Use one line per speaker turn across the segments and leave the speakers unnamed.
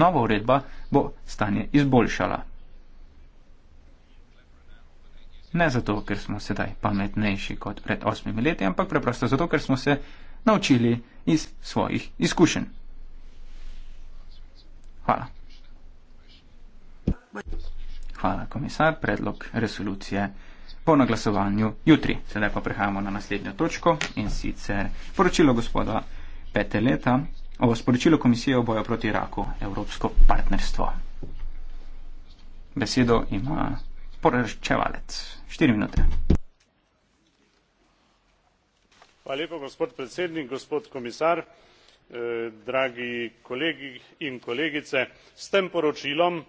Nova uredba bo stanje izboljšala. Ne zato, ker smo sedaj pametnejši kot pred osmimi leti, ampak preprosto zato, ker smo se naučili iz svojih izkušenj. Hvala. Hvala, komisar. Predlog resolucije po naglasovanju jutri. Sedaj pa prehajamo na naslednjo točko in sicer poročilo gospoda Peteleta o sporočilu Komisije o boju proti raku Evropsko partnerstvo. Besedo ima poročevalec. Štiri minute.
Hvala lepo, gospod predsednik, gospod komisar, eh, dragi kolegi in kolegice. S tem poročilom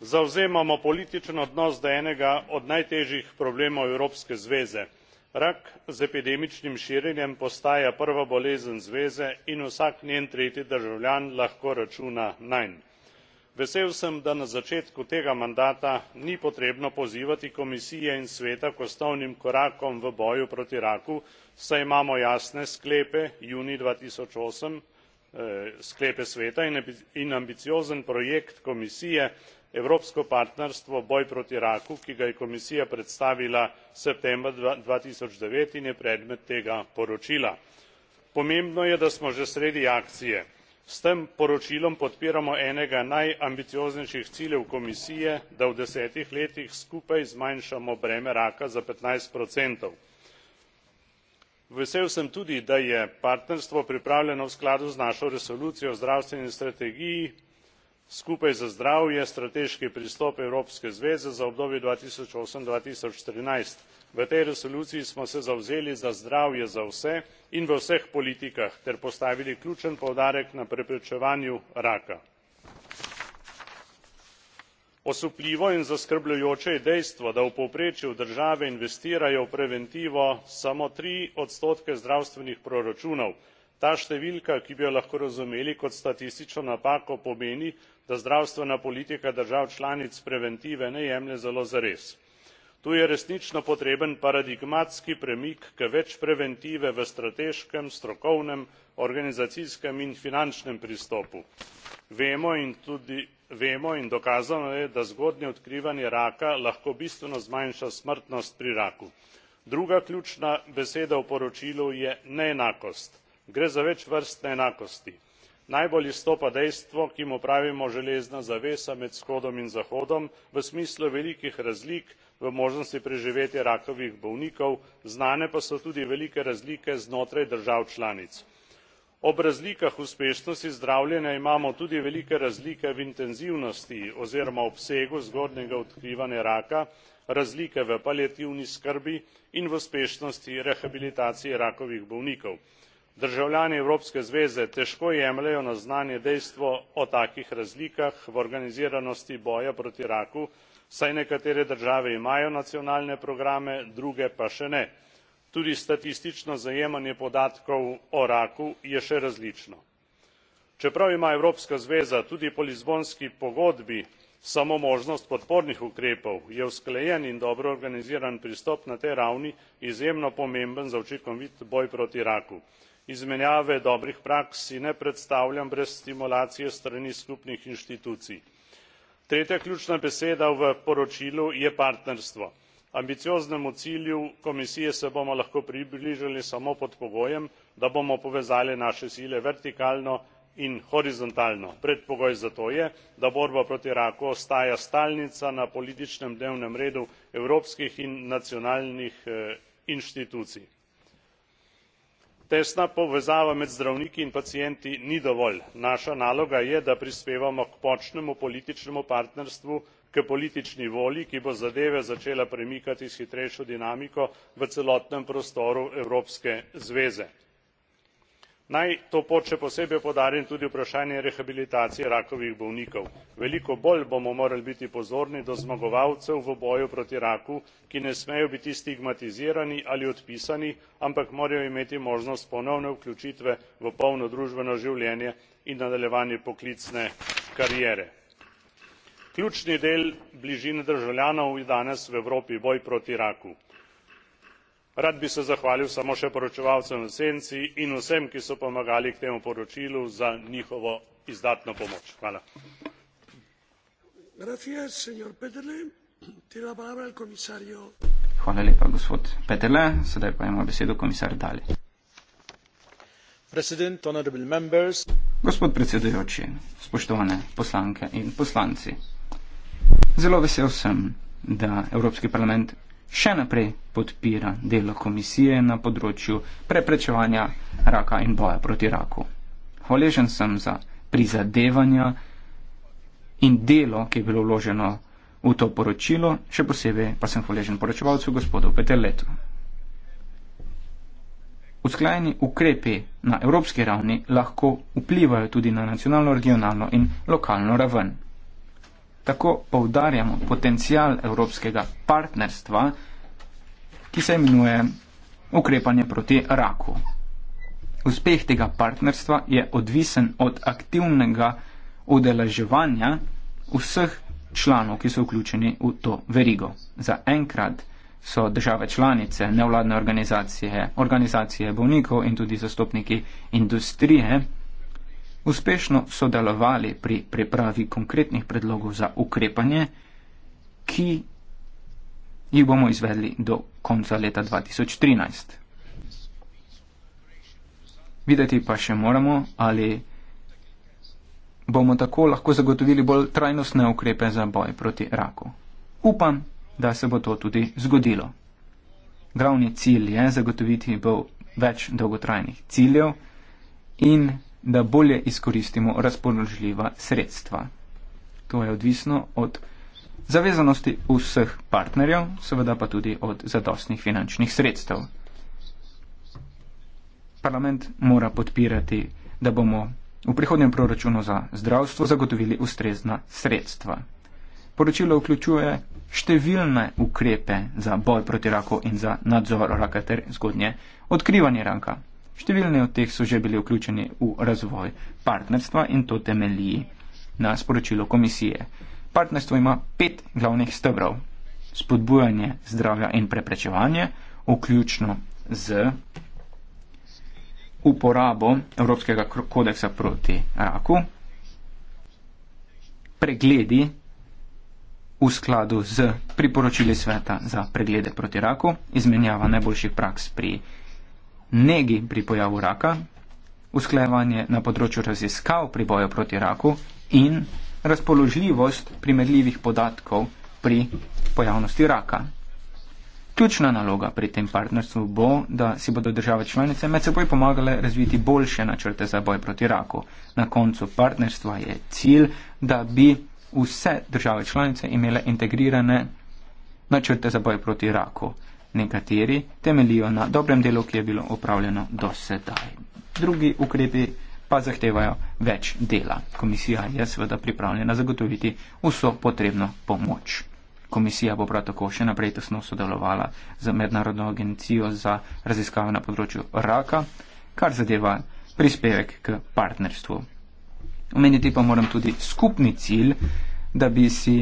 zauzemamo političen odnos do enega od najtežjih problemov Evropske zveze rak z epidemičnim širjenjem postaja prva bolezen zveze in vsak njen tretji državljan lahko računa nanj. vesel sem da na začetku tega mandata ni potrebno pozivati komisije in sveta k osnovnim korakom v boju proti raku saj imamo jasne sklepe junij dva tisoč osem eh, sklepe sveta in ambiciozen projekt komisije evropsko partnerstvo boj proti raku ki ga je komisija predstavila septembra dva tisoč devet in je predmet tega poročila. pomembno je da smo že sredi akcije. s tem poročilom podpiramo enega najambicioznejših ciljev komisije da v desetih letih skupaj zmanjšamo breme raka za petnajst vesel sem tudi da je partnerstvo pripravljeno v skladu z našo resolucijo o zdravstveni strategiji skupaj za zdravje strateški pristop evropske zveze za obdobje dva tisoč osem dva tisoč trinajst v tej resoluciji smo se zavzeli za zdravje za vse in v vseh politikah ter postavili ključen poudarek na preprečevanju raka. osupljivo in zaskrbljujoče je dejstvo da v povprečju države investirajo v preventivo samo tri odstotke zdravstvenih proračunov ta številka ki bi jo lahko razumeli kot statistično napako pomeni da zdravstvena politika držav članic preventive ne jemlje zelo zares. tu je resnično potreben paradigmatski premik k več preventive v strateškem strokovnem organizacijskem in finančnem pristopu. vemo in dokazano je da zgodnje odkrivanje raka lahko bistveno zmanjša smrtnost pri raku. druga ključna beseda v poročilu je neenakost gre za večvrstne enakosti. najbolj izstopa dejstvo ki mu pravimo železna zavesa med vzhodom in zahodom v smislu velikih razlik v možnosti preživetja rakavih bolnikov znane pa so tudi velike razlike znotraj držav članic. ob razlikah uspešnosti zdravljenja imamo tudi velike razlike v intenzivnosti oziroma obsegu zgodnjega odkrivanja raka razlike v paliativni skrbi in v uspešnosti rehabilitacije rakavih bolnikov državljani evropske zveze težko jemljejo na znanje dejstvo o takih razlikah v organiziranosti boja proti raku saj nekatere države imajo nacionalne programe druge pa še ne tudi statistično zajemanje podatkov o raku je še različno. čeprav ima evropska zveza tudi po lizbonski pogodbi samo možnost podpornih ukrepov je usklajen in dobro organiziran pristop na tej ravni izjemno pomemben za učinkovit boj proti raku izmenjave dobrih praks si ne predstavljam brez stimulacije s strani skupnih inštitucij. tretja ključna beseda v poročilu je partnerstvo. ambicioznemu cilju komisije se bomo lahko približali samo pod pogojem da bomo povezali naše sile vertikalno in horizontalno. predpogoj za to je da borba proti raku ostaja stalnica na političnem dnevnem redu evropskih in nacionalnih eh, inštitucij tesna povezava med zdravniki in pacienti ni dovolj naša naloga je da prispevamo k močnemu političnemu partnerstvu k politični volji ki bo zadeve začela premikati s hitrejšo dinamiko v celotnem prostoru evropske zveze naj to pot še posebej poudarim tudi vprašanje rehabilitacije rakavih bolnikov veliko bolj bomo morali biti pozorni do zmagovalcev v boju proti raku ki ne smejo biti stigmatizirani ali odpisani ampak morajo imeti možnost ponovne vključitve v polno družbeno življenje in nadaljevanje poklicne kariere. ključni del bližine državljanov je danes v evropi boj proti raku rad bi se zahvalil samo še poročevalcem v senci in vsem ki so pomagali k temu poročilu za njihovo izdatno pomoč.
gospod predsedujoči spoštovane poslanke in poslanci zelo vesel sem da evropski parlament še naprej podpira delo komisije na področju preprečevanja raka in boja proti raku. Hvaležen sem za prizadevanja in delo, ki je bilo vloženo v to poročilo, še posebej pa sem hvaležen poročevalcu gospodu Peteletu. Usklajeni ukrepi na evropski ravni lahko vplivajo tudi na nacionalno, regionalno in lokalno raven. Tako povdarjamo potencial evropskega partnerstva, ki se imenuje ukrepanje proti raku. Uspeh tega partnerstva je odvisen od aktivnega udeleževanja vseh članov, ki so vključeni v to verigo. Za enkrat so države članice, nevladne organizacije, organizacije bovnikov in tudi zastopniki industrije uspešno sodelovali pri pripravi konkretnih predlogov za ukrepanje, ki jih bomo izvedli do konca leta 2013. Videti pa še moramo, ali bomo tako lahko zagotovili bolj trajnostne ukrepe za boj proti raku. Upam, da se bo to tudi zgodilo. Glavni cilj je zagotoviti bolj več dolgotrajnih ciljev in da bolje izkoristimo razpoložljiva sredstva. To je odvisno od zavezanosti vseh partnerjev, seveda pa tudi od zadostnih finančnih sredstev. Parlament mora podpirati, da bomo v prihodnjem proračunu za zdravstvo zagotovili ustrezna sredstva. Poročilo vključuje številne ukrepe za boj proti raku in za nadzor raka ter zgodnje odkrivanje raka. Številni od teh so že bili vključeni v razvoj partnerstva in to temelji na sporočilo komisije. Partnerstvo ima pet glavnih stebrov. Spodbujanje zdravja in preprečevanje, vključno z uporabo Evropskega kodeksa proti raku, pregledi v skladu z priporočili sveta za preglede proti raku, izmenjava najboljših praks pri negi pri pojavu raka, usklajevanje na področju raziskav pri boju proti raku in razpoložljivost primerljivih podatkov pri pojavnosti raka. Ključna naloga pri tem partnerstvu bo, da si bodo države članice med seboj pomagale razviti boljše načrte za boj proti raku. Na koncu partnerstva je cilj, da bi vse države članice imele integrirane načrte za boj proti raku nekateri temelijo na dobrem delu, ki je bilo opravljeno do sedaj. Drugi ukrepi pa zahtevajo več dela. Komisija je seveda pripravljena zagotoviti vso potrebno pomoč. Komisija bo prav tako še naprej tesno sodelovala z Mednarodno agencijo za raziskave na področju raka, kar zadeva prispevek k partnerstvu. Omeniti pa moram tudi skupni cilj, da bi si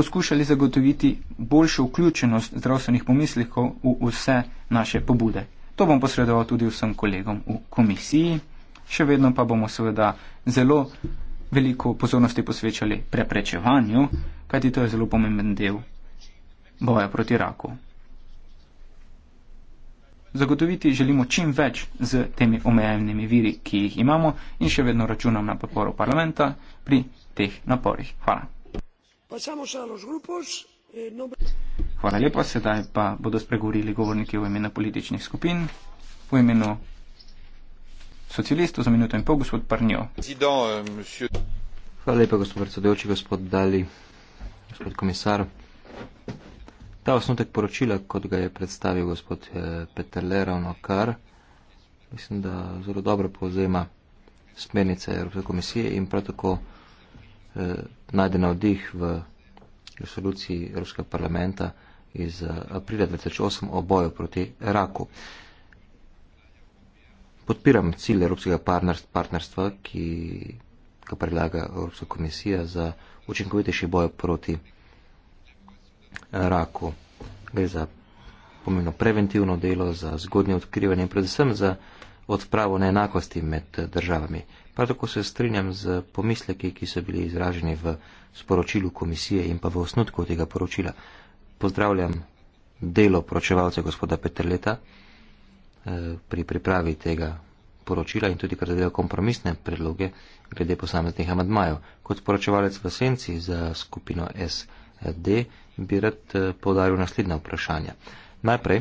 poskušali zagotoviti boljšo vključenost zdravstvenih pomislikov v vse naše pobude. To bom posredoval tudi vsem kolegom v komisiji, še vedno pa bomo seveda zelo veliko pozornosti posvečali preprečevanju, kajti to je zelo pomemben del boja proti raku. Zagotoviti želimo čim več z temi omejenimi viri, ki jih imamo in še vedno računam na podporo parlamenta pri teh naporih. Hvala.
Eh,
Hvala lepa, sedaj pa bodo spregovorili govorniki v imenu političnih skupin. V imenu socialistov za minuto in pol, gospod Parnjo.
Hvala lepa, gospod predsedujoči, gospod Dali, gospod komisar. Ta osnutek poročila, kot ga je predstavil gospod eh, Peterle ravno kar, mislim, da zelo dobro povzema smernice Evropske komisije in prav tako eh, najde navdih v resoluciji Evropskega parlamenta iz eh, aprila 2008 o boju proti raku. Podpiram cilj Evropskega partnerstva, ki ga predlaga Evropska komisija za učinkovitejši boj proti raku. Gre za pomembno preventivno delo, za zgodnje odkrivanje in predvsem za odpravo neenakosti med državami. Prav tako se strinjam z pomisleki, ki so bili izraženi v sporočilu komisije in pa v osnutku tega poročila. Pozdravljam delo poročevalca gospoda Petrleta eh, pri pripravi tega poročila in tudi kar zadeva kompromisne predloge glede posameznih amadmajev. Kot poročevalec v senci za skupino SD bi rad eh, povdaril naslednja vprašanja. Najprej,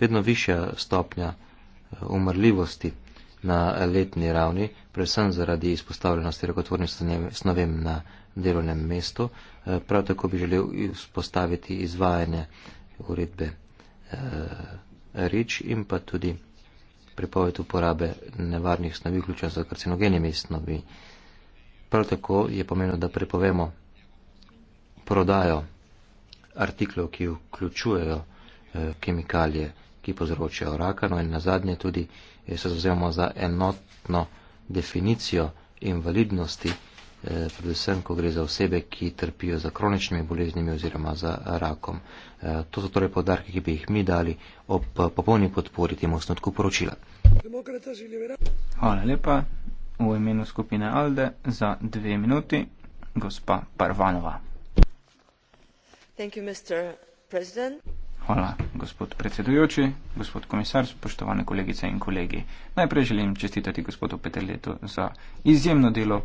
vedno višja stopnja eh, umrljivosti na letni ravni, predvsem zaradi izpostavljenosti rakotvornim snovem na delovnem mestu. Eh, prav tako bi želel izpostaviti izvajanje uredbe eh, REACH in pa tudi prepoved uporabe nevarnih snovi, vključno z karcinogenimi snovi. Prav tako je pomembno, da prepovemo prodajo artiklov, ki vključujejo eh, kemikalije ki povzročajo raka, no in na zadnje tudi eh, se zauzemamo za enotno definicijo invalidnosti, eh, predvsem, ko gre za osebe, ki trpijo za kroničnimi boleznimi oziroma za rakom. Eh, to so torej podarki, ki bi jih mi dali ob popolni podpori temu osnotku poročila. Hvala lepa.
V imenu skupine Alde za dve minuti, gospa Parvanova.
Thank you, Mr. President.
Hvala, gospod predsedujoči, gospod komisar, spoštovane kolegice in kolegi. Najprej želim čestitati gospodu Peterletu za izjemno delo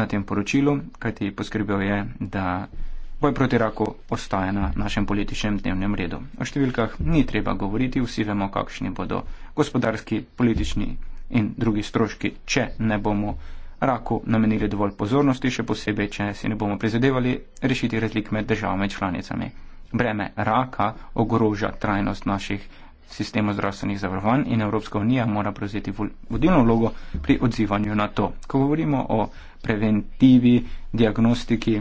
na tem poročilu, kajti poskrbel je, da boj proti raku ostaja na našem političnem dnevnem redu. O številkah ni treba govoriti, vsi vemo, kakšni bodo gospodarski, politični in drugi stroški, če ne bomo raku namenili dovolj pozornosti, še posebej, če si ne bomo prizadevali rešiti razlik med državami članicami breme raka ogroža trajnost naših sistemov zdravstvenih zavarovanj in Evropska unija mora prevzeti vodilno vlogo pri odzivanju na to. Ko govorimo o preventivi, diagnostiki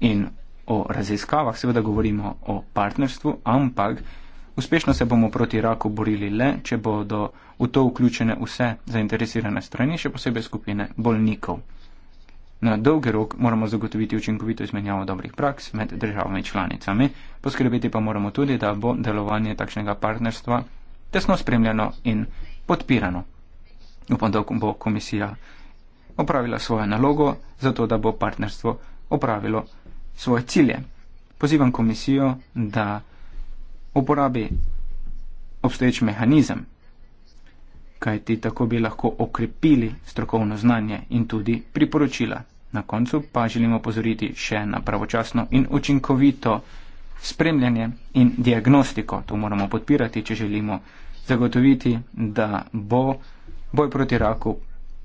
in o raziskavah, seveda govorimo o partnerstvu, ampak uspešno se bomo proti raku borili le, če bodo v to vključene vse zainteresirane strani, še posebej skupine bolnikov. Na dolgi rok moramo zagotoviti učinkovito izmenjavo dobrih praks med državami članicami, poskrbeti pa moramo tudi, da bo delovanje takšnega partnerstva tesno spremljeno in podpirano. Upam, da bo komisija opravila svojo nalogo, zato da bo partnerstvo opravilo svoje cilje. Pozivam komisijo, da uporabi obstoječ mehanizem kajti tako bi lahko okrepili strokovno znanje in tudi priporočila. Na koncu pa želimo pozoriti še na pravočasno in učinkovito spremljanje in diagnostiko. To moramo podpirati, če želimo zagotoviti, da bo boj proti raku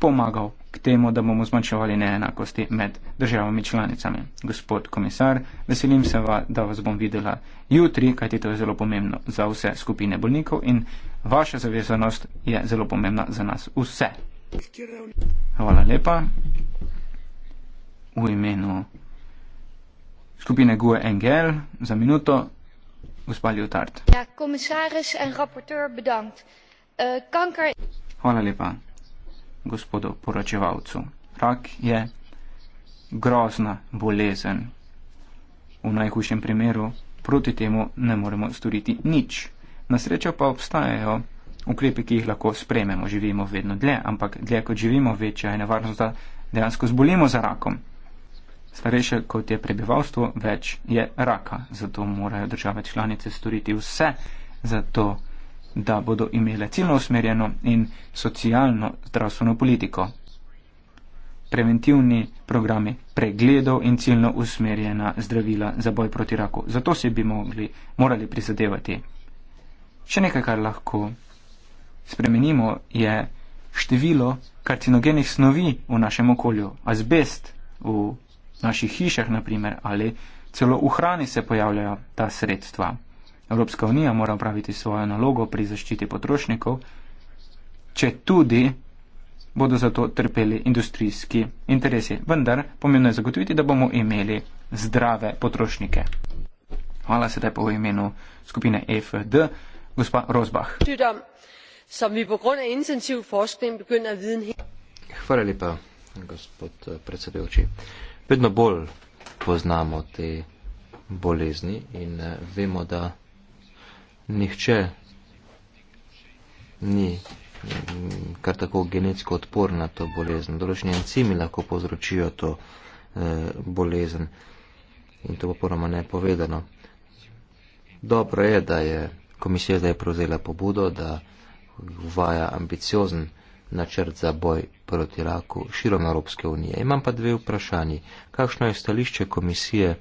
pomagal k temu, da bomo zmanjševali neenakosti med državami članicami. Gospod komisar, veselim se, va, da vas bom videla jutri, kajti to je zelo pomembno za vse skupine bolnikov in vaša zavezanost je zelo pomembna za nas vse. Hvala lepa. V imenu skupine GUE NGL za minuto gospa Ljutart. Ja, komisar in raporter, bedankt. Uh, kanker... Hvala lepa gospodu poročevalcu. Rak je grozna bolezen. V najhujšem primeru proti temu ne moremo storiti nič. Na srečo pa obstajajo ukrepi, ki jih lahko sprememo. Živimo vedno dlje, ampak dlje kot živimo, večja je nevarnost, da dejansko zbolimo za rakom. Starejše kot je prebivalstvo, več je raka. Zato morajo države članice storiti vse za to, da da bodo imele ciljno usmerjeno in socialno zdravstveno politiko. Preventivni programi pregledov in ciljno usmerjena zdravila za boj proti raku. Zato se bi mogli, morali prizadevati. Še nekaj, kar lahko spremenimo, je število karcinogenih snovi v našem okolju. Azbest v naših hišah, naprimer, ali celo v hrani se pojavljajo ta sredstva. Evropska unija mora praviti svojo nalogo pri zaščiti potrošnikov, če tudi bodo za to trpeli industrijski interesi. Vendar pomembno je zagotoviti, da bomo imeli zdrave potrošnike. Hvala sedaj po imenu skupine e FD, gospa
Rozbah. Hvala lepa, gospod eh, predsedujoči. Vedno bolj poznamo te bolezni in eh, vemo, da nihče ni mm, kar tako genetsko odporna na to bolezen. Določeni encimi lahko povzročijo to eh, bolezen in to bo ponoma nepovedano. Dobro je, da je komisija zdaj prevzela pobudo, da uvaja ambiciozen načrt za boj proti raku širom Evropske unije. Imam pa dve vprašanji. Kakšno je stališče komisije,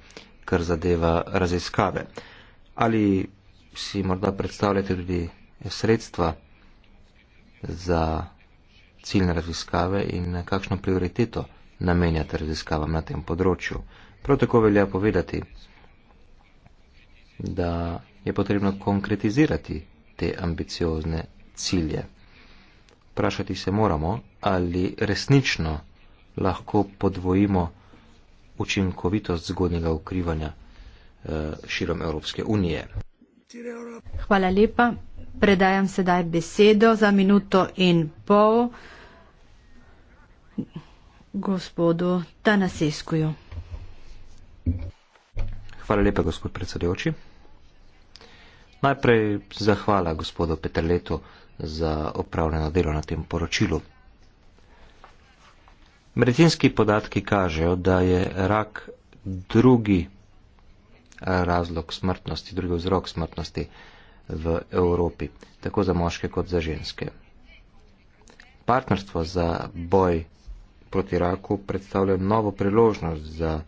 kar zadeva raziskave? Ali si morda predstavljate tudi sredstva za ciljne raziskave in kakšno prioriteto namenjate raziskavam na tem področju. Prav tako velja povedati, da je potrebno konkretizirati te ambiciozne cilje. Prašati se moramo, ali resnično lahko podvojimo učinkovitost zgodnjega ukrivanja eh, širom Evropske unije.
Hvala lepa. Predajam sedaj besedo za minuto in pol gospodu Tanaseskuju.
Hvala lepa, gospod predsedujoči. Najprej zahvala gospodu Petrletu za opravljeno delo na tem poročilu. Medicinski podatki kažejo, da je rak drugi razlog smrtnosti, drugi vzrok smrtnosti v Evropi, tako za moške kot za ženske. Partnerstvo za boj proti raku predstavlja novo priložnost za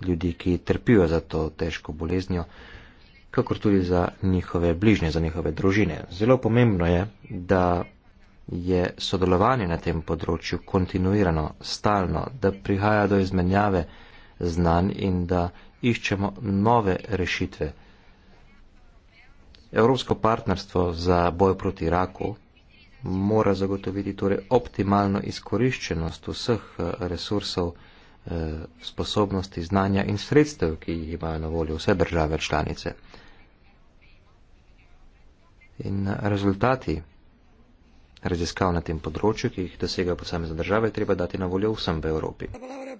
ljudi, ki trpijo za to težko boleznjo, kakor tudi za njihove bližnje, za njihove družine. Zelo pomembno je, da je sodelovanje na tem področju kontinuirano, stalno, da prihaja do izmenjave znanj in da iščemo nove rešitve. Evropsko partnerstvo za boj proti raku mora zagotoviti torej optimalno izkoriščenost vseh eh, resursov, eh, sposobnosti, znanja in sredstev, ki jih imajo na voljo vse države članice. In eh, rezultati raziskav na tem področju, ki jih dosegajo posamezne države, treba dati na voljo vsem v Evropi. Hvala,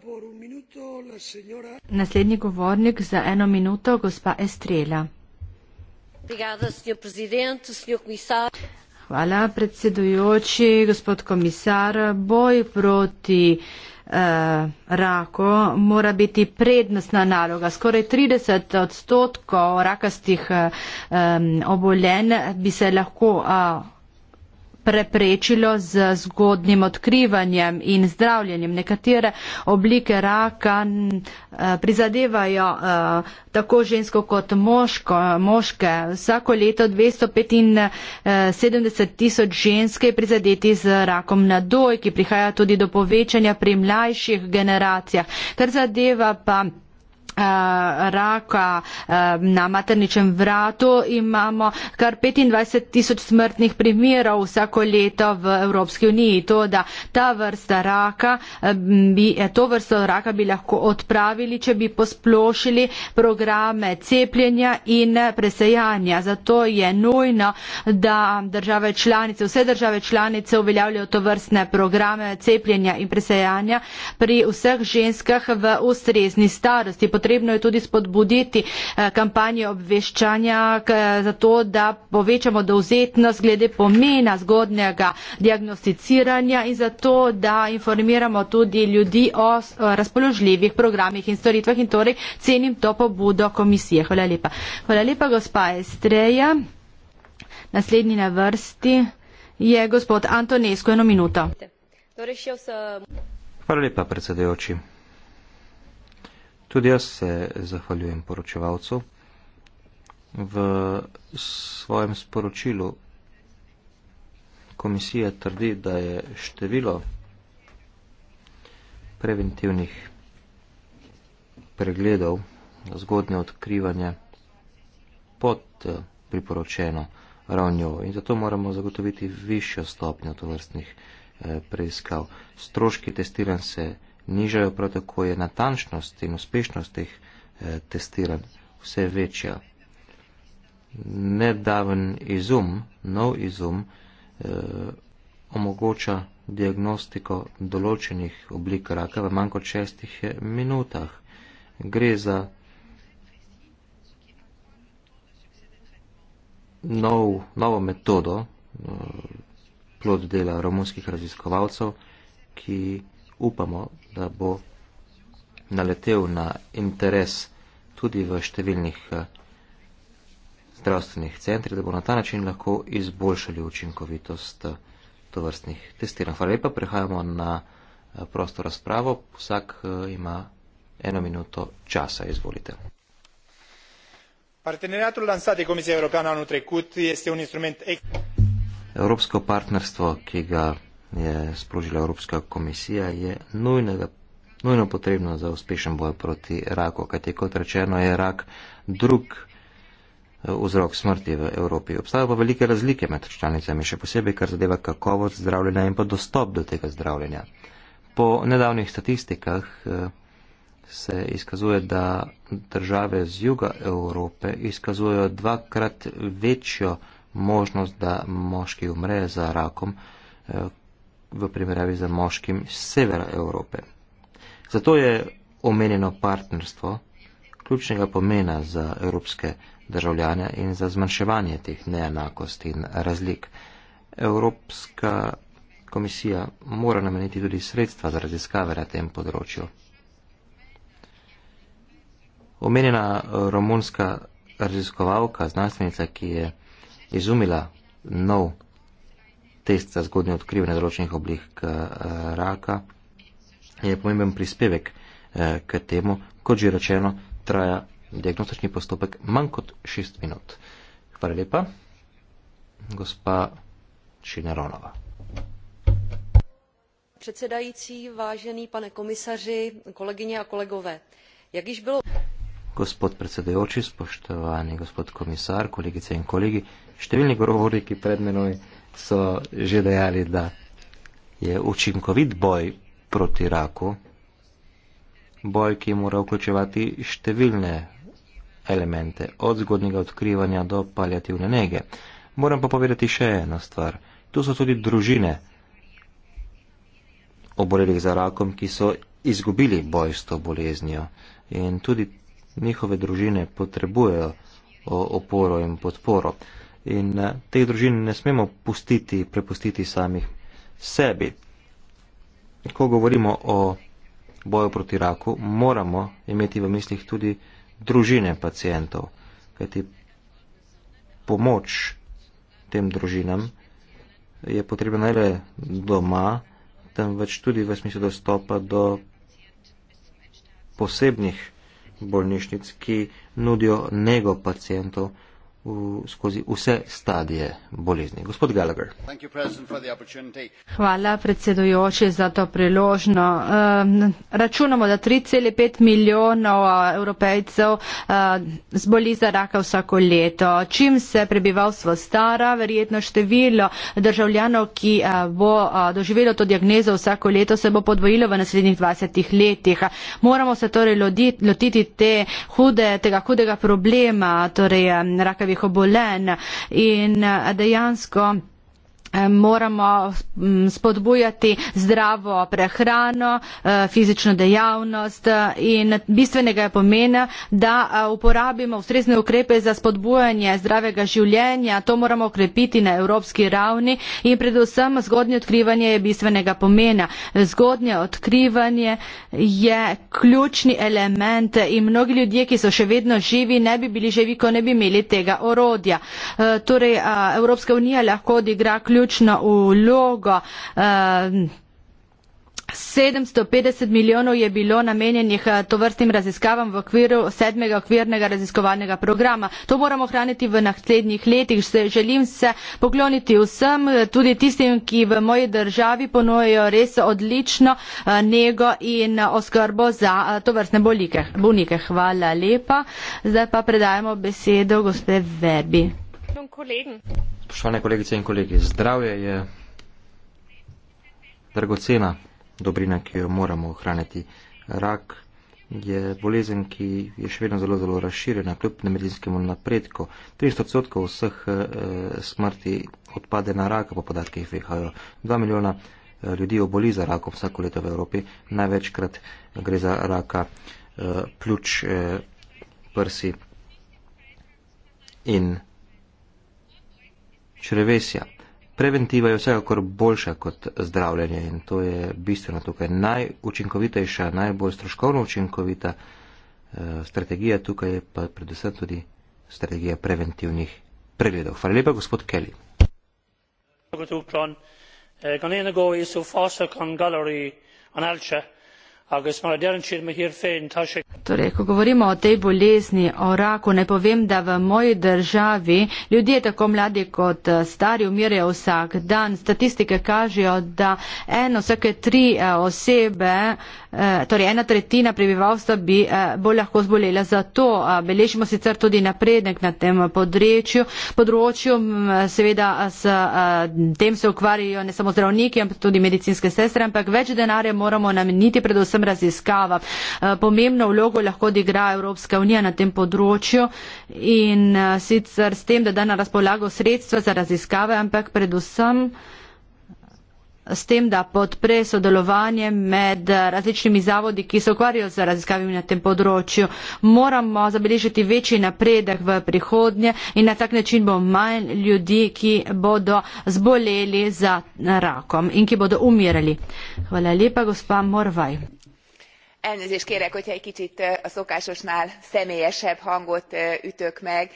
Naslednji govornik za eno minuto, gospa Estrela. Hvala, predsedujoči, gospod komisar. Boj proti eh, raku mora biti prednostna naloga. Skoraj 30 odstotkov rakastih eh, obolen bi se lahko. Eh, preprečilo z zgodnim odkrivanjem in zdravljenjem. Nekatere oblike raka eh, prizadevajo eh, tako žensko kot moško, moške. Vsako leto 275 tisoč ženske je prizadeti z rakom na dojki, prihaja tudi do povečanja pri mlajših generacijah. Kar zadeva pa Eh, raka eh, na materničem vratu. Imamo kar 25 tisoč smrtnih primerov vsako leto v Evropski uniji. To, da ta vrsta raka eh, bi, to vrsto raka bi lahko odpravili, če bi posplošili programe cepljenja in presejanja. Zato je nujno, da države članice, vse države članice uveljavljajo to vrstne programe cepljenja in presejanja pri vseh ženskah v ustrezni starosti. Potrebno potrebno je tudi spodbuditi eh, kampanje obveščanja eh, za to, da povečamo dovzetnost glede pomena zgodnega diagnosticiranja in za to, da informiramo tudi ljudi o razpoložljivih programih in storitvah in torej cenim to pobudo komisije. Hvala lepa. Hvala lepa, gospa Estreja. Naslednji na vrsti je gospod Antonesko, eno minuto.
Torej
Hvala lepa, predsedujoči. Tudi jaz se zahvaljujem poročevalcu. V svojem sporočilu komisija trdi, da je število preventivnih pregledov, zgodne odkrivanje pod eh, priporočeno ravnjo in zato moramo zagotoviti višjo stopnjo tovrstnih eh, preiskav. Stroški testiran se nižajo, prav tako je natančnost in uspešnost teh eh, testiranj vse večja. Nedaven izum, nov izum, eh, omogoča diagnostiko določenih oblik raka v manj kot šestih eh, minutah. Gre za nov, novo metodo, eh, plod dela romunskih raziskovalcev, ki upamo, da bo naletel na interes tudi v številnih eh, zdravstvenih centrih, da bo na ta način lahko izboljšali učinkovitost eh, tovrstnih testiranj. Hvala lepa, prehajamo na eh, prosto razpravo. Vsak ima eno minuto časa, izvolite.
Parteneriatul lansat de Comisia Europeană anul trecut este un instrument ex...
Evropsko partnerstvo, ki ga je sprožila Evropska komisija, je nujnega, nujno potrebno za uspešen boj proti raku, kajti kot rečeno je rak drug eh, vzrok smrti v Evropi. Obstajajo pa velike razlike med članicami, še posebej kar zadeva kakovost zdravljenja in pa dostop do tega zdravljenja. Po nedavnih statistikah eh, se izkazuje, da države z juga Evrope izkazujejo dvakrat večjo možnost, da moški umre za rakom, eh, v primerjavi z moškim z severa Evrope. Zato je omenjeno partnerstvo ključnega pomena za evropske državljane in za zmanjševanje teh neenakosti in razlik. Evropska komisija mora nameniti tudi sredstva za raziskave na tem področju. Omenjena romunska raziskovalka, znanstvenica, ki je izumila nov test za zgodnje odkrivanje določenih oblik eh, raka, je pomemben prispevek eh, k temu, kot že rečeno, traja diagnostični postopek manj kot 6 minut. Hvala lepa, gospa Šineronova.
Predsedajci, vážený pane komisaři, kolegyne a kolegové, jak již bylo...
Gospod predsedajoči, spoštovani gospod komisar, kolegice in kolegi, številni govorniki pred menoj, so že dejali, da je učinkovit boj proti raku, boj, ki mora vključevati številne elemente, od zgodnjega odkrivanja do paljativne nege. Moram pa povedati še eno stvar. Tu so tudi družine obolelih za rakom, ki so izgubili boj s to boleznijo. In tudi njihove družine potrebujejo oporo in podporo in eh, te družine ne smemo pustiti, prepustiti samih sebi. Ko govorimo o boju proti raku, moramo imeti v mislih tudi družine pacijentov, kajti pomoč tem družinam je potrebna ne le doma, temveč tudi v smislu dostopa do posebnih bolnišnic, ki nudijo nego pacijentov v, skozi vse stadije bolezni. Gospod Gallagher.
Hvala predsedujoči za to priložno. Um, ehm, računamo, da 3,5 milijonov evropejcev uh, zboli za raka vsako leto. Čim se prebivalstvo stara, verjetno število državljanov, ki uh, bo uh, doživelo to diagnozo vsako leto, se bo podvojilo v naslednjih 20 letih. Moramo se torej loditi, lotiti te hude, tega hudega problema, torej um, rakavi njihovih obolenj in eh, dejansko moramo mm, spodbujati zdravo prehrano, eh, fizično dejavnost eh, in bistvenega je pomena, da eh, uporabimo ustrezne ukrepe za spodbujanje zdravega življenja. To moramo okrepiti na evropski ravni in predvsem zgodnje odkrivanje je bistvenega pomena. Zgodnje odkrivanje je ključni element in mnogi ljudje, ki so še vedno živi, ne bi bili živi, ko ne bi imeli tega orodja. Torej, Evropska unija lahko odigra ključni ključno vlogo. Uh, ehm, 750 milijonov je bilo namenjenih eh, tovrstnim raziskavam v okviru sedmega okvirnega raziskovalnega programa. To moramo hraniti v naslednjih letih. Želim se pokloniti vsem, eh, tudi tistim, ki v moji državi ponujejo res odlično eh, nego in oskrbo za tovrstne bolike, bolnike. Hvala lepa. Zdaj pa predajamo besedo gospe Verbi. Kolegen.
Spoštovane kolegice in kolegi, zdravje je dragocena dobrina, ki jo moramo ohraniti. Rak je bolezen, ki je še vedno zelo, zelo razširjena, kljub medicinskemu napredku. 300 odstotkov vseh e, smrti odpade na raka, po podatkih VHO. 2 milijona eh, ljudi oboli za rakom vsako leto v Evropi. Največkrat gre za raka e, pljuč, e, prsi in črvesja. Preventiva je vsekakor boljša kot zdravljenje in to je bistveno tukaj. Najučinkovitejša, najbolj stroškovno učinkovita eh, strategija tukaj je pa predvsem tudi strategija preventivnih pregledov. Hvala lepa, gospod Kelly.
Hvala lepa, gospod Kelly.
Torej, ko govorimo o tej bolezni, o raku, ne povem, da v moji državi ljudje tako mladi kot eh, stari umirajo vsak dan. Statistike kažejo, da eno vsake tri eh, osebe, eh, torej ena tretjina prebivalstva bi bolj lahko zbolela. Zato beležimo sicer tudi napredek na tem področju. področju seveda s tem se ukvarjajo ne samo zdravniki, ampak tudi medicinske sestre, ampak več denarja moramo nameniti predvsem raziskava. Pomembno vlo vlogo lahko odigra Evropska unija na tem področju in eh, sicer s tem, da da na razpolago sredstva za raziskave, ampak predvsem s tem, da podpre sodelovanje med eh, različnimi zavodi, ki se ukvarjajo z raziskavami na tem področju. Moramo zabeležiti večji napredek v prihodnje in na tak način bo manj ljudi, ki bodo zboleli za rakom in ki bodo umirali. Hvala lepa, gospa Morvaj
elnézést kérek hogyha egy kicsit a szokásosnál személyesebb hangot ütök meg.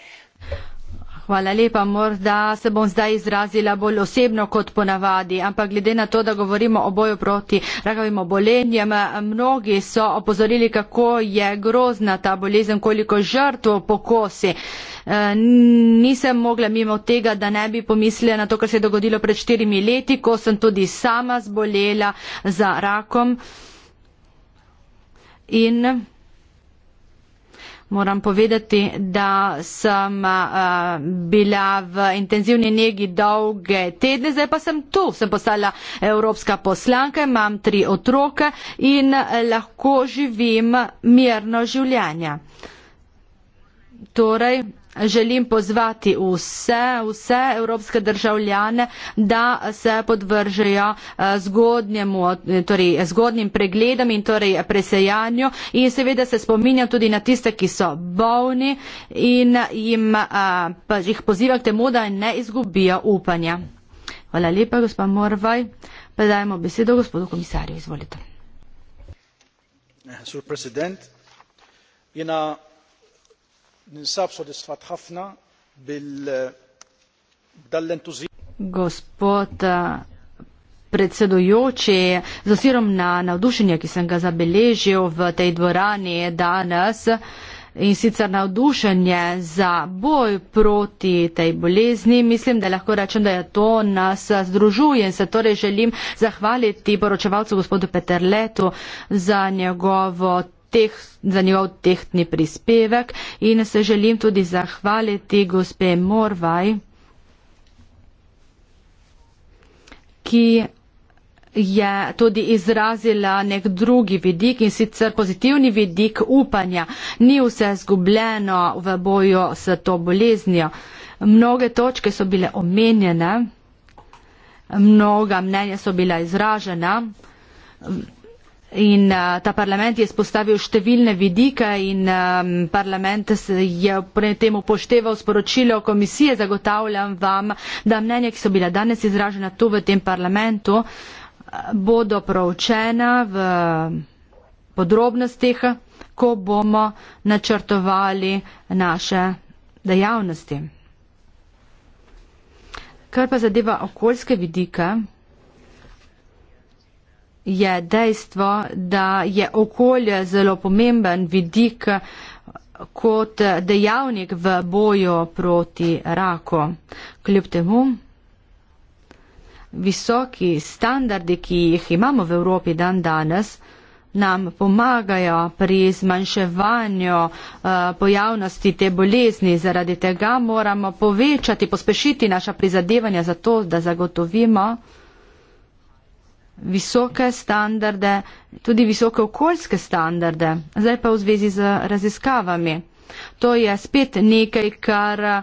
Hvala lepa. Morda se bom zdaj izrazila bolj osebno kot ponavadi, ampak glede na to, da govorimo o boju proti rakavim obolenjem, mnogi so opozorili, kako je grozna ta bolezen, koliko žrtv pokosi. E, nisem mogla mimo tega, da ne bi pomislila na to, kar se je dogodilo pred štirimi leti, ko sem tudi sama zbolela za rakom. E, in moram povedati, da sem uh, bila v intenzivni negi dolge tedne, zdaj pa sem tu, sem postala evropska poslanka, imam tri otroke in lahko živim mirno življenje. Torej, želim pozvati vse, vse evropske državljane, da se podvržejo eh, zgodnjemu, torej zgodnim pregledom in torej presejanju in seveda se spominjam tudi na tiste, ki so bolni in jim, eh, pa jih pozivam k temu, da ne izgubijo upanja. Hvala lepa, gospa Morvaj. Predajmo besedo gospodu komisarju. Izvolite.
Sur president, je eh, na ninsab sodisfat ħafna bil dal
predsedujoči, z osirom na navdušenje, ki sem ga zabeležil v tej dvorani danes in sicer navdušenje za boj proti tej bolezni. Mislim, da lahko rečem, da je to nas združuje in se torej želim zahvaliti poročevalcu gospodu Peterletu za njegovo teh, za njegov tehtni prispevek in se želim tudi zahvaliti gospe Morvaj, ki je tudi izrazila nek drugi vidik in sicer pozitivni vidik upanja. Ni vse zgubljeno v boju s to boleznijo. Mnoge točke so bile omenjene, mnoga mnenja so bila izražena. In uh, ta parlament je spostavil številne vidike in um, parlament je pred tem upošteval sporočilo komisije. Zagotavljam vam, da mnenje, ki so bila danes izražena tu v tem parlamentu, uh, bodo proučena v podrobnostih, ko bomo načrtovali naše dejavnosti. Kar pa zadeva okoljske vidike, je dejstvo, da je okolje zelo pomemben vidik kot dejavnik v boju proti raku. Kljub temu, visoki standardi, ki jih imamo v Evropi dan danes, nam pomagajo pri zmanjševanju uh, pojavnosti te bolezni. Zaradi tega moramo povečati, pospešiti naša prizadevanja za to, da zagotovimo, visoke standarde, tudi visoke okoljske standarde, zdaj pa v zvezi z raziskavami. To je spet nekaj, kar a,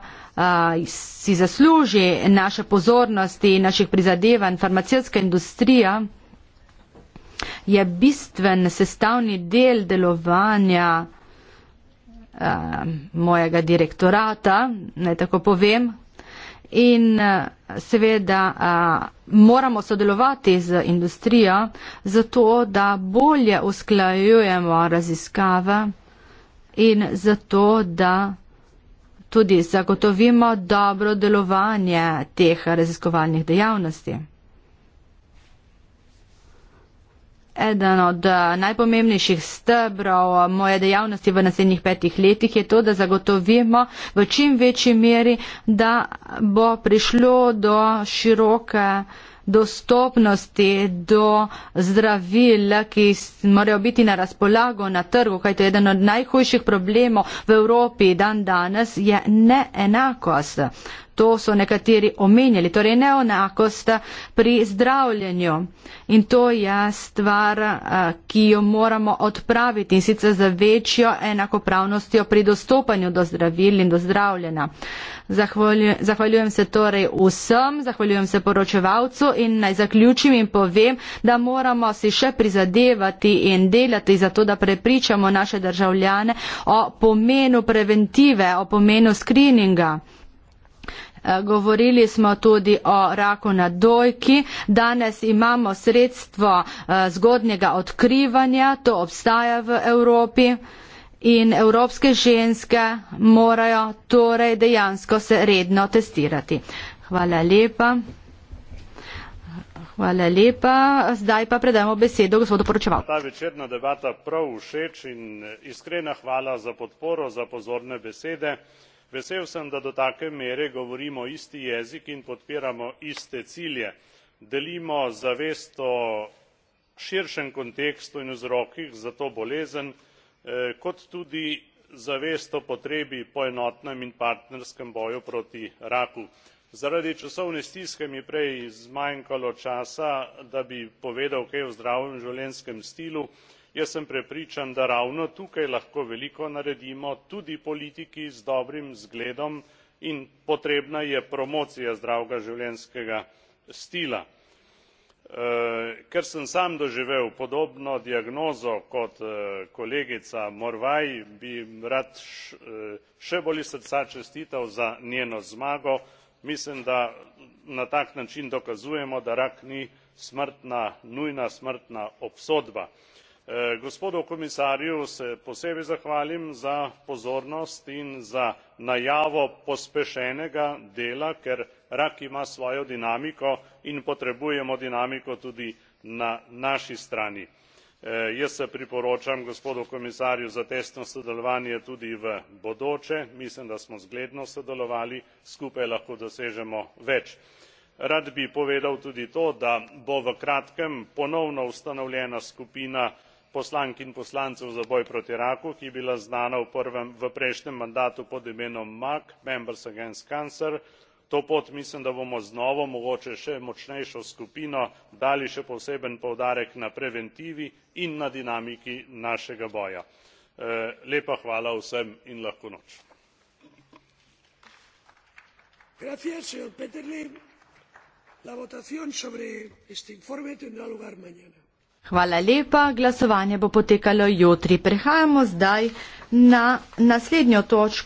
si zasluži naše pozornosti in naših prizadevanj. Farmacijska industrija je bistven sestavni del delovanja a, mojega direktorata, naj tako povem, in eh, seveda eh, moramo sodelovati z industrijo zato, da bolje usklajujemo raziskave in zato, da tudi zagotovimo dobro delovanje teh raziskovalnih dejavnosti. Eden od eh, najpomembnejših stebrov eh, moje dejavnosti v naslednjih petih letih je to, da zagotovimo v čim večji meri, da bo prišlo do široke dostopnosti do zdravil, ki morajo biti na razpolago na trgu, kaj to je eden od najhujših problemov v Evropi dan danes, je neenakost to so nekateri omenjali, torej neonakost pri zdravljenju. In to je stvar, eh, ki jo moramo odpraviti in sicer za večjo enakopravnostjo pri dostopanju do zdravil in do zdravljena. Zahvaljujem, zahvaljujem se torej vsem, zahvaljujem se poročevalcu in naj zaključim in povem, da moramo si še prizadevati in delati za to, da prepričamo naše državljane o pomenu preventive, o pomenu skrininga. Eh, govorili smo tudi o raku na dojki. Danes imamo sredstvo eh, zgodnjega odkrivanja, to obstaja v Evropi. In evropske ženske morajo torej dejansko se redno testirati. Hvala lepa. Hvala lepa. Zdaj pa predajmo besedo gospodu poročevalcu.
Ta večerna debata prav všeč in iskrena hvala za podporo, za pozorne besede vesel sem da do take mere govorimo isti jezik in podpiramo iste cilje delimo zavest o širšem kontekstu in vzrokih za to bolezen eh, kot tudi zavest o potrebi po enotnem in partnerskem boju proti raku. zaradi časovne stiske mi je prej zmanjkalo časa da bi povedal kaj o zdravem življenjskem stilu jaz sem prepričan da ravno tukaj lahko veliko naredimo tudi politiki z dobrim zgledom in potrebna je promocija zdravega življenjskega stila. E, ker sem sam doživel podobno diagnozo kot e, kolegica morvai bi rad e, še bolj iz srca čestital za njeno zmago. mislim da na tak način dokazujemo da rak ni smrtna nujna smrtna obsodba. Eh, gospodu komisarju se posebej zahvalim za pozornost in za najavo pospešenega dela ker rak ima svojo dinamiko in potrebujemo dinamiko tudi na naši strani. Eh, jaz se priporočam gospodu komisarju za tesno sodelovanje tudi v bodoče mislim da smo zgledno sodelovali skupaj lahko dosežemo več. rad bi povedal tudi to da bo v kratkem ponovno ustanovljena skupina poslank in poslancev za boj proti raku ki je bila znana v prejšnjem mandatu pod imenom mak members against cancer to pot mislim da bomo z novo mogoče še močnejšo skupino dali še poseben poudarek na preventivi in na dinamiki našega boja. Eh, lepa hvala vsem in lahko
noč.
Hvala lepa. Glasovanje bo potekalo jutri. Prehajamo zdaj na naslednjo točko.